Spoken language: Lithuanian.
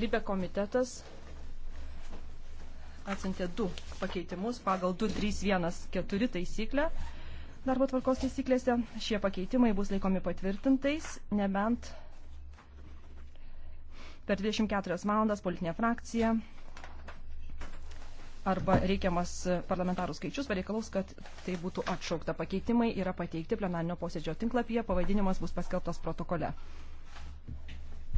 Libė komitetas atsintė du pakeitimus pagal 2314 taisyklę darbo tvarkos taisyklėse. Šie pakeitimai bus laikomi patvirtintais, nebent per 24 valandas politinė frakcija arba reikiamas parlamentarų skaičius pareikalaus, kad tai būtų atšaukta. Pakeitimai yra pateikti plenarinio posėdžio tinklapyje, pavadinimas bus paskelbtas protokole.